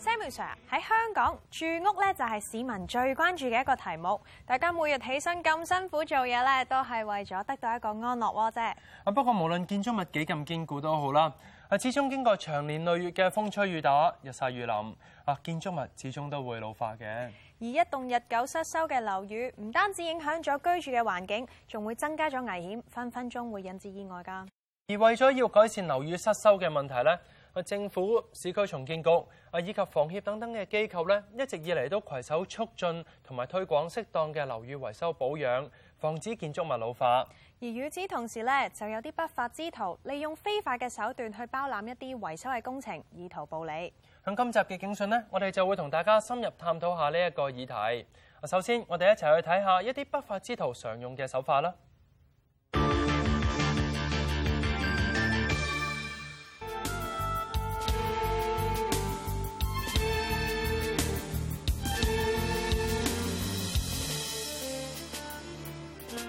Samuel Sir，喺香港住屋咧就係市民最關注嘅一個題目。大家每日起身咁辛苦做嘢咧，都係為咗得到一個安樂窩啫。啊，不過無論建築物幾咁堅固都好啦，啊，始終經過長年累月嘅風吹雨打、日曬雨淋，啊，建築物始終都會老化嘅。而一棟日久失修嘅樓宇，唔單止影響咗居住嘅環境，仲會增加咗危險，分分鐘會引致意外噶。而為咗要改善樓宇失修嘅問題咧，政府、市區重建局、啊，以及房協等等嘅機構咧，一直以嚟都攜手促進同埋推廣適當嘅樓宇維修保養，防止建築物老化。而與此同時咧，就有啲不法之徒利用非法嘅手段去包攬一啲維修嘅工程，以圖暴利。響今集嘅警訊呢，我哋就會同大家深入探討一下呢一個議題。首先，我哋一齊去睇下一啲不法之徒常用嘅手法啦。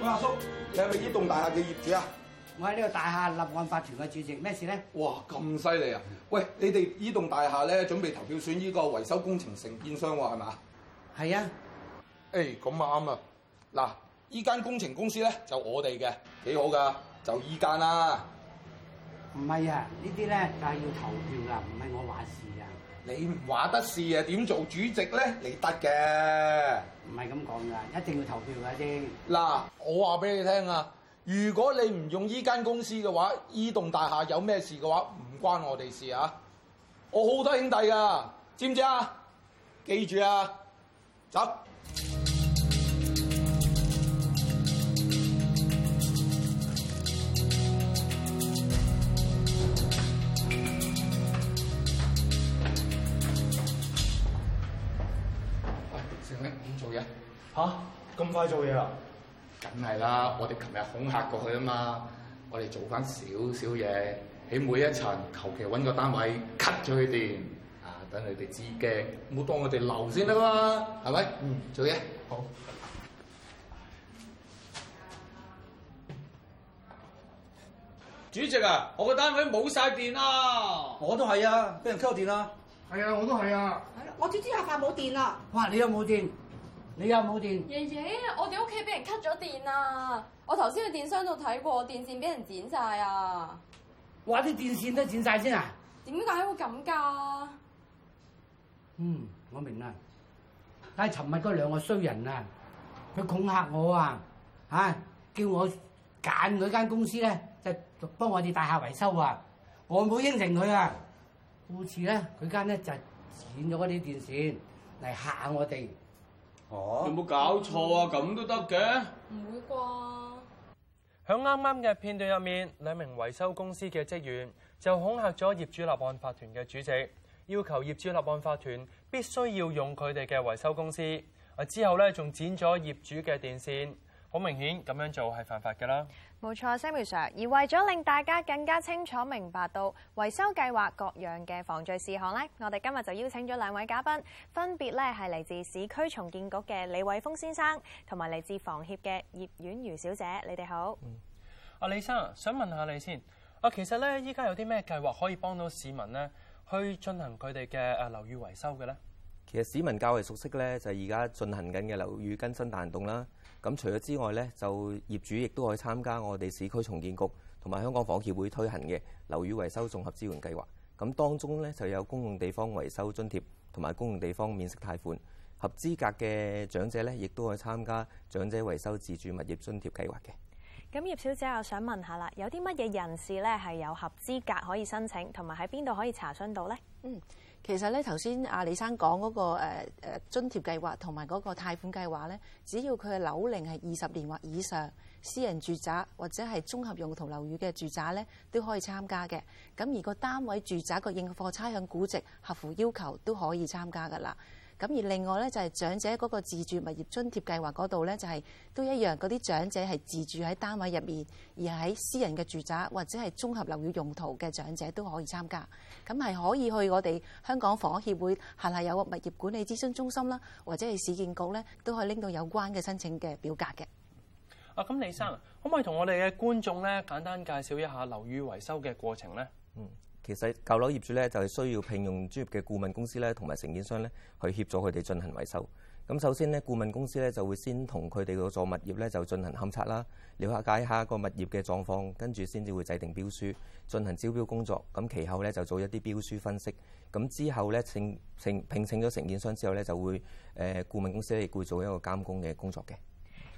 阿、啊、叔，你係咪呢棟大廈嘅業主啊？我係呢個大廈立案法團嘅主席，咩事咧？哇，咁犀利啊！喂，你哋呢棟大廈咧準備投票選呢個維修工程承建商喎，係嘛？係啊。誒，咁啊啱啊。嗱、欸，呢間、啊、工程公司咧就我哋嘅，幾好噶，就呢間啦。唔係啊，這些呢啲咧就係、是、要投票噶，唔係我話事。你唔話得事啊？點做主席咧？你得嘅，唔係咁講㗎，一定要投票㗎先。嗱，我話俾你聽啊，如果你唔用依間公司嘅話，依棟大廈有咩事嘅話，唔關我哋事啊。我好多兄弟㗎，知唔知啊？記住啊，走。吓、啊，咁快做嘢啦？梗係啦，我哋琴日恐嚇過去啊嘛，我哋做翻少少嘢，喺每一層求其揾個單位 cut 咗佢電啊，等你哋知驚，唔好當我哋流先得嘛，係、嗯、咪？嗯，做嘢。好。主席啊，我個單位冇晒電，啊，電啊！我都係啊，俾人 cut 電啊！係啊，我都係啊。係，我天之下快冇電啦！哇，你又冇電？你有冇電？爺爺，我哋屋企俾人 cut 咗電啊！我頭先去電箱度睇過，電線俾人剪晒啊！哇！啲電線都剪晒先啊？點解會咁噶？嗯，我明啦。但係尋日嗰兩個衰人啊，佢恐嚇我啊，啊，叫我揀佢間公司咧，就幫我哋大廈維修啊。我冇應承佢啊，故此咧，佢間咧就剪咗嗰啲電線嚟吓我哋。有冇搞錯啊？咁都得嘅？唔會啩？喺啱啱嘅片段入面，兩名維修公司嘅職員就恐嚇咗業主立案法團嘅主席，要求業主立案法團必須要用佢哋嘅維修公司。啊，之後咧，仲剪咗業主嘅電線，好明顯咁樣做係犯法㗎啦。冇錯，Samuel Sir。而為咗令大家更加清楚明白到維修計劃各樣嘅防罪事項咧，我哋今日就邀請咗兩位嘉賓，分別咧係嚟自市區重建局嘅李偉峰先生，同埋嚟自房協嘅葉婉如小姐。你哋好。嗯，阿李生，想問下你先。啊，其實咧，依家有啲咩計劃可以幫到市民咧，去進行佢哋嘅誒樓宇維修嘅咧？其實市民較為熟悉咧，就係而家進行緊嘅樓宇更新彈動啦。咁除咗之外咧，就業主亦都可以參加我哋市區重建局同埋香港房協會推行嘅樓宇維修綜合支援計劃。咁當中咧就有公共地方維修津貼同埋公共地方免息貸款。合資格嘅長者咧，亦都可以參加長者維修自住物業津貼計劃嘅。咁葉小姐，我想問下啦，有啲乜嘢人士咧係有合資格可以申請，同埋喺邊度可以查詢到咧？嗯。其實咧，頭先阿李生講嗰個誒津貼計劃同埋嗰個貸款計劃咧，只要佢嘅樓齡係二十年或以上，私人住宅或者係綜合用途樓宇嘅住宅咧，都可以參加嘅。咁而個單位住宅個應課差餉估值合乎要求都可以參加㗎啦。咁而另外咧，就係長者嗰個自住物業津貼計劃嗰度咧，就係都一樣，嗰啲長者係自住喺單位入面，而喺私人嘅住宅或者係綜合樓宇用途嘅長者都可以參加。咁係可以去我哋香港房屋協會下下有個物業管理諮詢中心啦，或者係市建局咧，都可以拎到有關嘅申請嘅表格嘅。啊，咁李生，嗯、可唔可以同我哋嘅觀眾咧簡單介紹一下樓宇維修嘅過程咧？嗯。其實舊樓業主咧就係需要聘用專業嘅顧問公司咧，同埋承建商咧去協助佢哋進行維修。咁首先咧，顧問公司咧就會先同佢哋嗰座物業咧就進行勘測啦，瞭解一下個物業嘅狀況，跟住先至會制定標書，進行招標工作。咁其後咧就做一啲標書分析。咁之後咧請請聘請咗承建商之後咧就會誒顧問公司亦會做一個監工嘅工作嘅。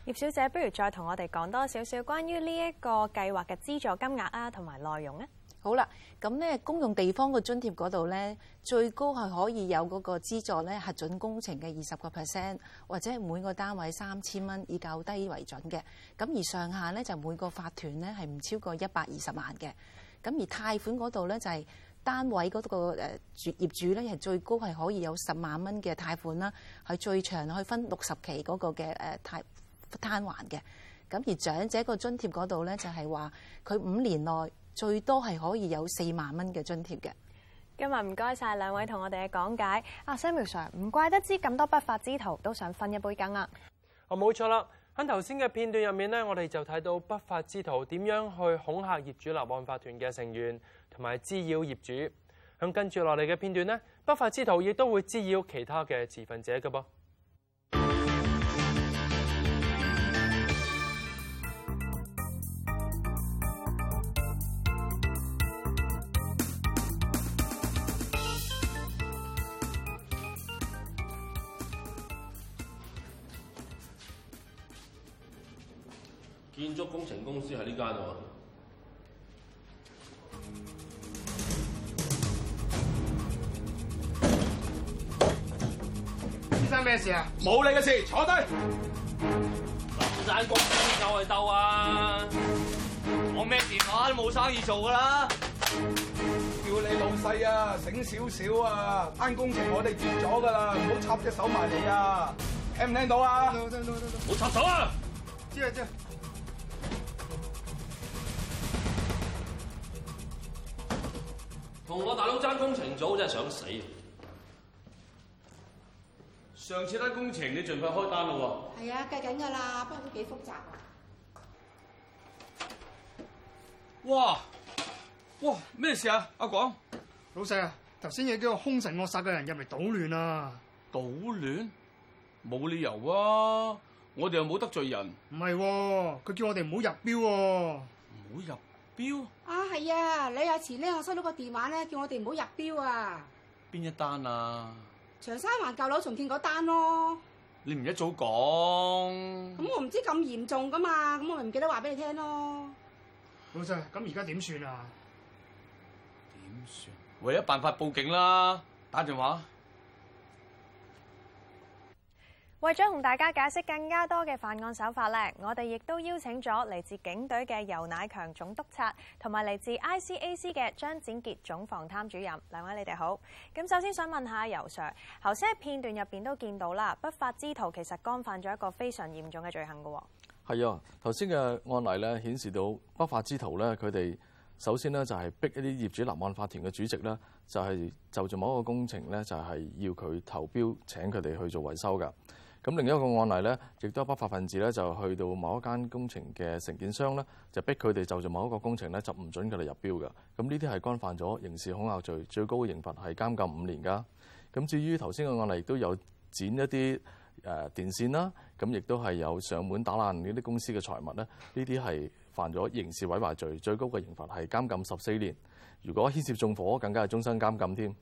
葉小姐，不如再同我哋講多少少關於呢一個計劃嘅資助金額啊，同埋內容咧？好啦，咁咧公用地方嘅津貼嗰度咧，最高係可以有嗰個資助咧核准工程嘅二十個 percent，或者每個單位三千蚊，以較低為準嘅。咁而上限咧就每個法團咧係唔超過一百二十萬嘅。咁而貸款嗰度咧就係單位嗰個誒業主咧係最高係可以有十萬蚊嘅貸款啦，係最長可以分六十期嗰個嘅誒貸攤還嘅。咁而長者個津貼嗰度咧就係話佢五年內。最多係可以有四萬蚊嘅津貼嘅。今日唔該晒兩位同我哋嘅講解啊啊。阿 Samuel sir，唔怪得知咁多不法之徒都想分一杯羹啦，啊。哦，冇錯啦。喺頭先嘅片段入面呢，我哋就睇到不法之徒點樣去恐嚇業主立案法團嘅成員，同埋滋擾業主。咁跟住落嚟嘅片段呢，不法之徒亦都會滋擾其他嘅持份者㗎噃。建築工程公司喺呢間喎，先生咩事啊？冇你嘅事，坐低。林散國，你又喺度啊？我咩電話都冇生意做噶啦！叫你老細啊，醒少少啊！單工程我哋接咗噶啦，唔好插隻手埋你啊！聽唔聽到啊？冇插手啊！即係即。知同我大佬爭工程組真係想死。上次單工程你盡快開單咯。係啊，計緊噶啦，不過都幾複雜啊。哇哇，咩事廣啊？阿廣，老細啊，頭先有幾個凶神惡煞嘅人入嚟搗亂啊！搗亂？冇理由啊！我哋又冇得罪人。唔係、喎，佢叫我哋唔好入標、喎。唔好入。標啊係，啊，李亞慈咧，我收到個電話咧，叫我哋唔好入標啊。邊一單啊？長沙灣舊樓重建嗰單咯。你唔一早講，咁我唔知咁嚴重噶嘛，咁我咪唔記得話俾你聽咯。老細，咁而家點算啊？點算？唯一辦法報警啦，打電話。為咗同大家解釋更加多嘅犯案手法咧，我哋亦都邀請咗嚟自警隊嘅游乃強總督察，同埋嚟自 I C A C 嘅張展傑總防貪主任。兩位你哋好。咁首先想問一下游 Sir，頭先喺片段入邊都見到啦，不法之徒其實干犯咗一個非常嚴重嘅罪行噶。係啊，頭先嘅案例咧顯示到不法之徒咧，佢哋首先呢就係逼一啲業主立案法團嘅主席咧，就係就做某一個工程咧，就係要佢投標請佢哋去做維修噶。咁另一個案例咧，亦都有不法分子咧就去到某一間工程嘅承建商咧，就逼佢哋就做某一個工程咧就唔准佢哋入標嘅。咁呢啲係干犯咗刑事恐嚇罪，最高刑罰係監禁五年噶。咁至於頭先嘅案例，亦都有剪一啲誒電線啦，咁亦都係有上門打爛呢啲公司嘅財物咧。呢啲係犯咗刑事毀壞罪，最高嘅刑罰係監禁十四年。如果牽涉縱火，更加係終身監禁添。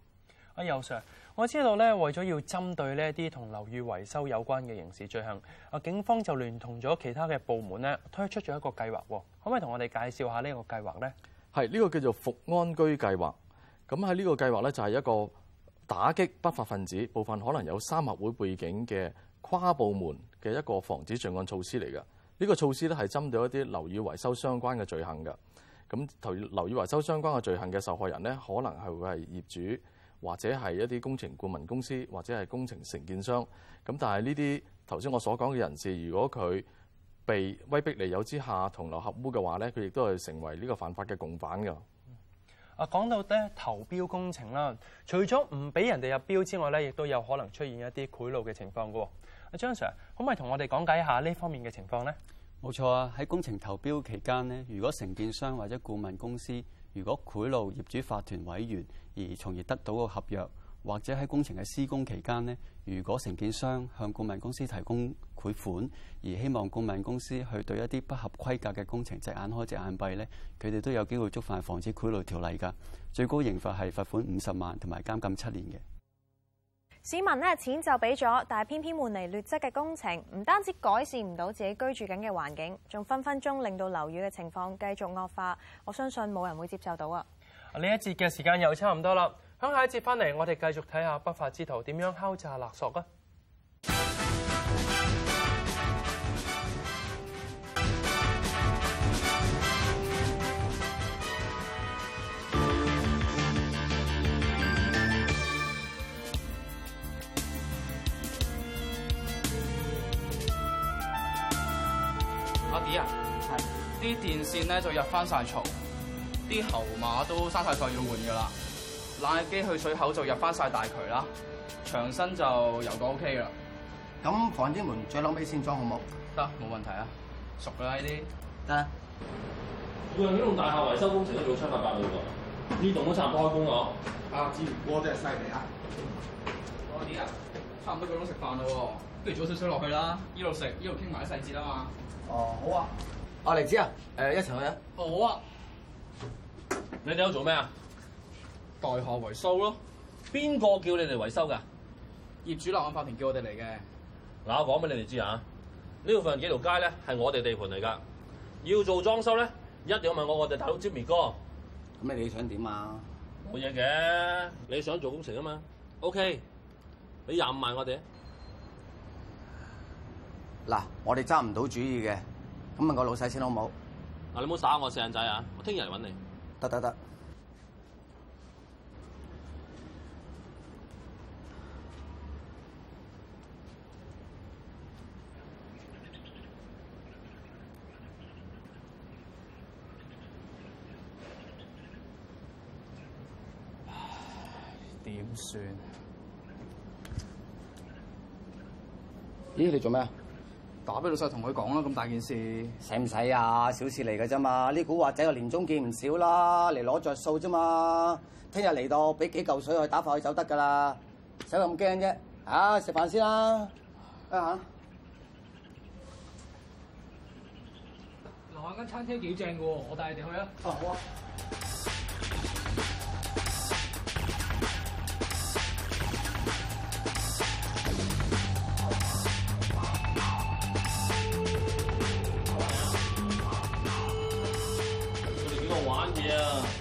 啊，有 Sir 我知道咧，為咗要針對呢一啲同樓宇維修有關嘅刑事罪行，啊，警方就聯同咗其他嘅部門咧推出咗一個計劃，可唔可以同我哋介紹下這個呢個計劃咧？係呢、這個叫做復安居計劃，咁喺呢個計劃咧就係、是、一個打擊不法分子、部分可能有三合會背景嘅跨部門嘅一個防止罪案措施嚟嘅。呢、這個措施咧係針對一啲樓宇維修相關嘅罪行嘅。咁同樓宇維修相關嘅罪行嘅受害人咧，可能係會係業主，或者係一啲工程顧問公司，或者係工程承建商。咁但係呢啲頭先我所講嘅人士，如果佢被威逼利誘之下同流合污嘅話咧，佢亦都係成為呢個犯法嘅共犯㗎、嗯。啊，講到咧投標工程啦，除咗唔俾人哋入標之外咧，亦都有可能出現一啲賄賂嘅情況㗎。阿張 Sir，可唔可以同我哋講解一下呢方面嘅情況咧？冇錯啊，喺工程投標期間咧，如果承建商或者顧問公司，如果賄賂業主法團委員而從而得到個合約，或者喺工程嘅施工期間呢，如果承建商向顧問公司提供賄款，而希望顧問公司去對一啲不合規格嘅工程隻眼開隻眼閉呢，佢哋都有機會觸犯防止賄賂條例㗎，最高刑罰係罰款五十萬同埋監禁七年嘅。市民咧錢就俾咗，但係偏偏換嚟劣質嘅工程，唔單止改善唔到自己居住緊嘅環境，仲分分鐘令到樓宇嘅情況繼續惡化。我相信冇人會接受到啊！呢一節嘅時間又差唔多啦，響下一節翻嚟，我哋繼續睇下不法之徒點樣敲詐勒索啊。啲電線咧就入翻晒槽，啲喉馬都生晒晒要換噶啦。冷氣機去水口就入翻晒大渠啦，牆身就油到 O K 噶啦。咁防煙門再撈尾先裝好冇？得，冇問題了了、嗯、啊，熟噶啦呢啲。得。附近呢棟大廈維修工程都做七七八八喎，呢棟都差唔多開工咯。阿志哥真係犀利啊！多啲啊，差唔多夠鐘食飯啦，不如早少少落去啦，依度食，依度傾埋啲細節啊嘛。哦，好啊。阿黎子啊，誒、啊呃，一齊去啊、哦！好啊，你哋喺度做咩啊？大廈維修咯。邊個叫你嚟維修噶？業主立案法庭叫我哋嚟嘅。嗱，我講俾你哋知啊，呢度附近幾條街咧係我哋地盤嚟噶，要做裝修咧，一定要問我，我大，我哋佬 Jimmy 哥。咁你想點啊？冇嘢嘅，你想做工程啊嘛？OK，你廿五萬，我哋嗱，我哋揸唔到主意嘅。咁問個老細先好唔好？嗱，你唔好耍我細人仔啊！我聽日嚟揾你。得得得。點算？咦，你做咩話俾老細同佢講啦，咁大件事，使唔使啊？小事嚟嘅啫嘛，呢古惑仔嘅年終見唔少啦，嚟攞着數啫嘛。聽日嚟到俾幾嚿水去打發佢走得㗎啦，使咁驚啫？啊，食飯先啦，啊，啊嚇！樓下間餐廳幾正嘅喎，我帶你哋去啊。啊，好啊。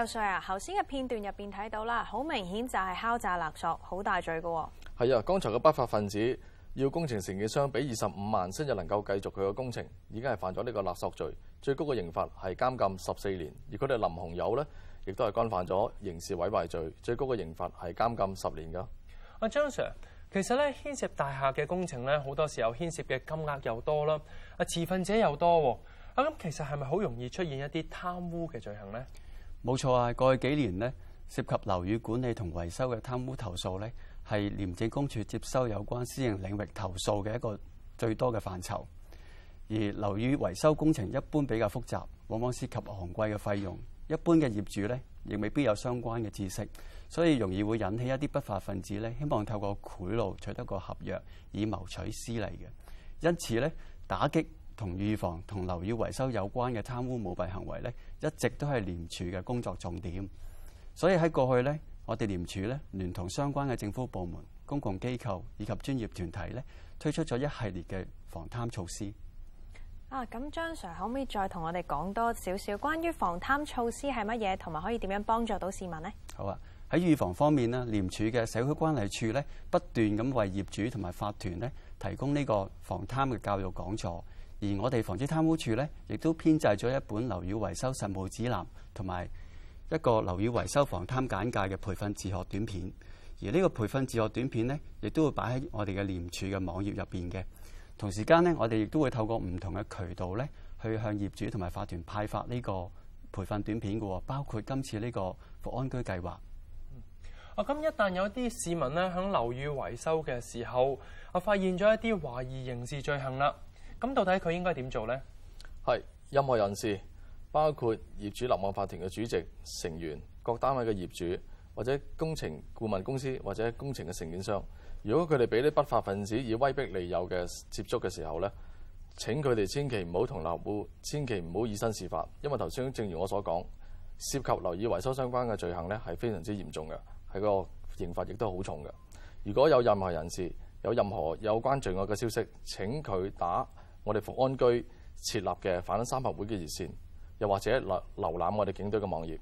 教授啊！頭先嘅片段入邊睇到啦，好明顯就係敲詐勒索，好大罪噶喎。係啊，剛才嘅不法分子要工程承建商俾二十五萬，先至能夠繼續佢嘅工程，已經係犯咗呢個勒索罪，最高嘅刑罰係監禁十四年。而佢哋林洪友咧，亦都係干犯咗刑事毀壞罪，最高嘅刑罰係監禁十年噶。阿張 Sir，其實咧牽涉大廈嘅工程咧，好多時候牽涉嘅金額又多啦，啊，持份者又多，啊，咁其實係咪好容易出現一啲貪污嘅罪行咧？冇錯啊！過去幾年呢，涉及樓宇管理同維修嘅貪污投訴呢，係廉政公署接收有關私營領域投訴嘅一個最多嘅範疇。而樓宇維修工程一般比較複雜，往往涉及昂貴嘅費用。一般嘅業主呢，亦未必有相關嘅知識，所以容易會引起一啲不法分子呢，希望透過賄賂取得個合約，以謀取私利嘅。因此呢，打擊同預防同樓宇維修有關嘅貪污舞弊行為咧，一直都係廉署嘅工作重點。所以喺過去咧，我哋廉署咧聯同相關嘅政府部門、公共機構以及專業團體咧，推出咗一系列嘅防貪措施。啊，咁張 Sir，可唔可以再同我哋講多少少關於防貪措施係乜嘢，同埋可以點樣幫助到市民呢？好啊，喺預防方面咧，廉署嘅社區關係處咧不斷咁為業主同埋法團咧提供呢個防貪嘅教育講座。而我哋防止貪污處咧，亦都編製咗一本樓宇維修實務指南，同埋一個樓宇維修防貪簡介嘅培訓自學短片。而呢個培訓自學短片咧，亦都會擺喺我哋嘅廉署嘅網頁入邊嘅。同時間咧，我哋亦都會透過唔同嘅渠道咧，去向業主同埋法團派發呢個培訓短片嘅喎，包括今次呢個復安居計劃，嗯。啊，咁一旦有啲市民咧，響樓宇維修嘅時候，啊，發現咗一啲懷疑刑事罪行啦。咁到底佢應該點做呢？係任何人士，包括業主立案法團嘅主席成員、各單位嘅業主，或者工程顧問公司或者工程嘅承建商。如果佢哋俾啲不法分子以威逼利誘嘅接觸嘅時候呢請佢哋千祈唔好同樓戶，千祈唔好以身試法，因為頭先正如我所講，涉及樓宇維修相關嘅罪行呢係非常之嚴重嘅，係個刑罰亦都好重嘅。如果有任何人士有任何有關罪惡嘅消息，請佢打。我哋復安居設立嘅反三合會嘅熱線，又或者留瀏覽我哋警隊嘅網頁。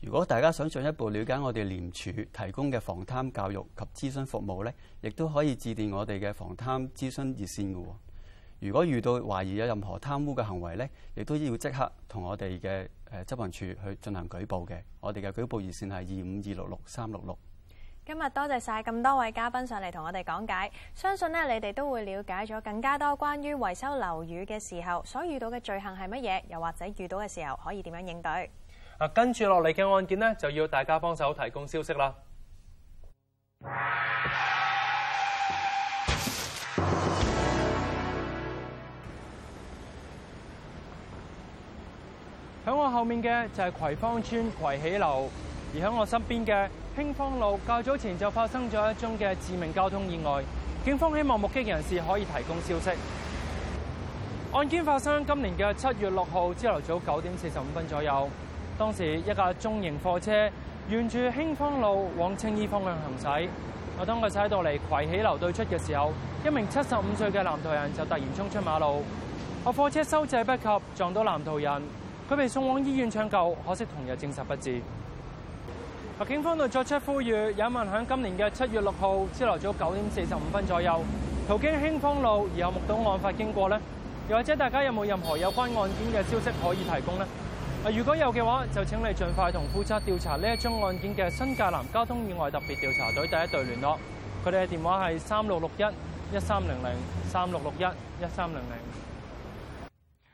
如果大家想進一步了解我哋廉署提供嘅防貪教育及諮詢服務咧，亦都可以致電我哋嘅防貪諮詢熱線嘅。如果遇到懷疑有任何貪污嘅行為咧，亦都要即刻同我哋嘅誒執行處去進行舉報嘅。我哋嘅舉報熱線係二五二六六三六六。今日多謝晒咁多位嘉賓上嚟同我哋講解，相信呢，你哋都會了解咗更加多關於維修樓宇嘅時候所遇到嘅罪行係乜嘢，又或者遇到嘅時候可以點樣應對。跟住落嚟嘅案件呢，就要大家幫手提供消息啦。響我後面嘅就係葵芳村葵喜樓。而喺我身邊嘅興芳路，較早前就發生咗一宗嘅致命交通意外。警方希望目擊人士可以提供消息。案件發生今年嘅七月六號朝頭早九點四十五分左右，當時一架中型貨車沿住興芳路往青衣方向行駛。我當佢駛到嚟葵起樓對出嘅時候，一名七十五歲嘅男途人就突然衝出馬路，個貨車收掣不及撞到男途人，佢被送往醫院搶救，可惜同日證實不治。警方度作出呼籲，有問喺今年嘅七月六號朝頭早九點四十五分左右途經興豐路，而有目睹案發經過呢又或者大家有冇任何有關案件嘅消息可以提供呢啊，如果有嘅話，就請你盡快同負責調查呢一宗案件嘅新界南交通意外特別調查隊第一隊聯絡。佢哋嘅電話係三六六一一三零零三六六一一三零零。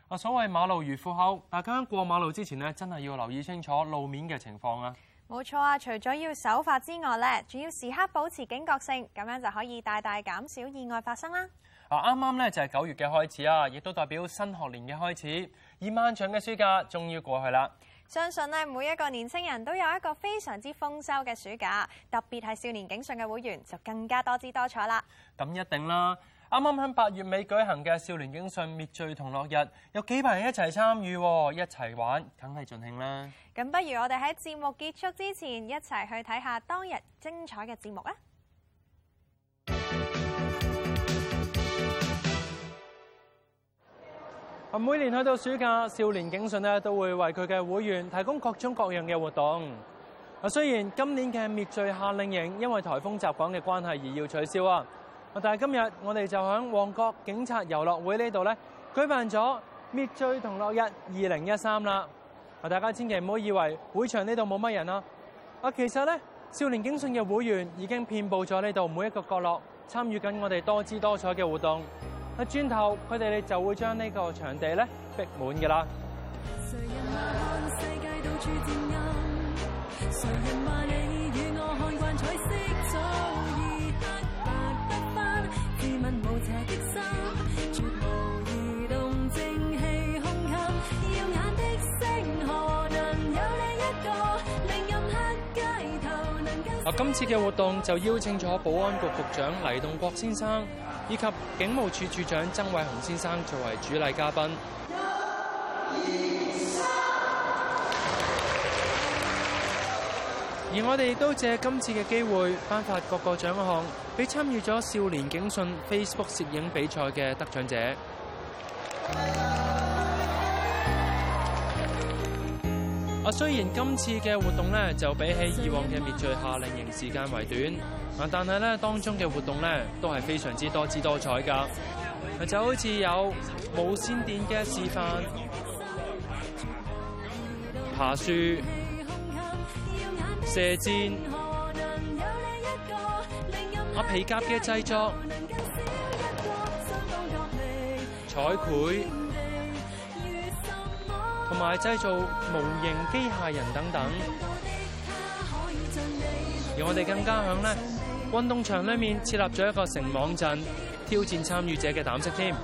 啊，所謂馬路如虎口，大家過馬路之前呢，真係要留意清楚路面嘅情況啊！冇錯啊！除咗要守法之外咧，仲要時刻保持警覺性，咁樣就可以大大減少意外發生啦。啊，啱啱咧就係九月嘅開始啊，亦都代表新學年嘅開始。而漫長嘅暑假終於過去啦，相信咧每一個年輕人都有一個非常之豐收嘅暑假，特別係少年警訊嘅會員就更加多姿多彩啦。咁一定啦！啱啱喺八月尾舉行嘅少年警訊滅罪同樂日，有幾百人一齊參與，一齊玩，梗係盡興啦！咁不如我哋喺節目結束之前，一齊去睇下當日精彩嘅節目啦！啊，每年去到暑假，少年警訊呢都會為佢嘅會員提供各種各樣嘅活動。啊，雖然今年嘅滅罪夏令營因為颱風襲港嘅關係而要取消啊。但係今日我哋就喺旺角警察遊樂會呢度咧舉辦咗滅罪同樂日二零一三啦！啊，大家千祈唔好以為會場呢度冇乜人啦，啊！啊，其實咧少年警訊嘅會員已經遍佈咗呢度每一個角落，參與緊我哋多姿多彩嘅活動。一轉頭佢哋咧就會將呢個場地咧逼滿㗎啦！今次嘅活動就邀請咗保安局局長黎棟國先生以及警務處處長曾偉雄先生作為主禮嘉賓，而我哋都借今次嘅機會頒發各個獎項，俾參與咗少年警訊 Facebook 攝影比賽嘅得獎者。雖然今次嘅活動咧就比起以往嘅滅罪夏令營時間為短，但係咧當中嘅活動咧都係非常之多姿多彩噶，就好似有無線電嘅示範、爬樹、射箭、我皮夾嘅製作、彩繪、埋製造模型機械人等等，而我哋更加響呢，運動場裏面設立咗一個繩網陣，挑戰參與者嘅膽識添。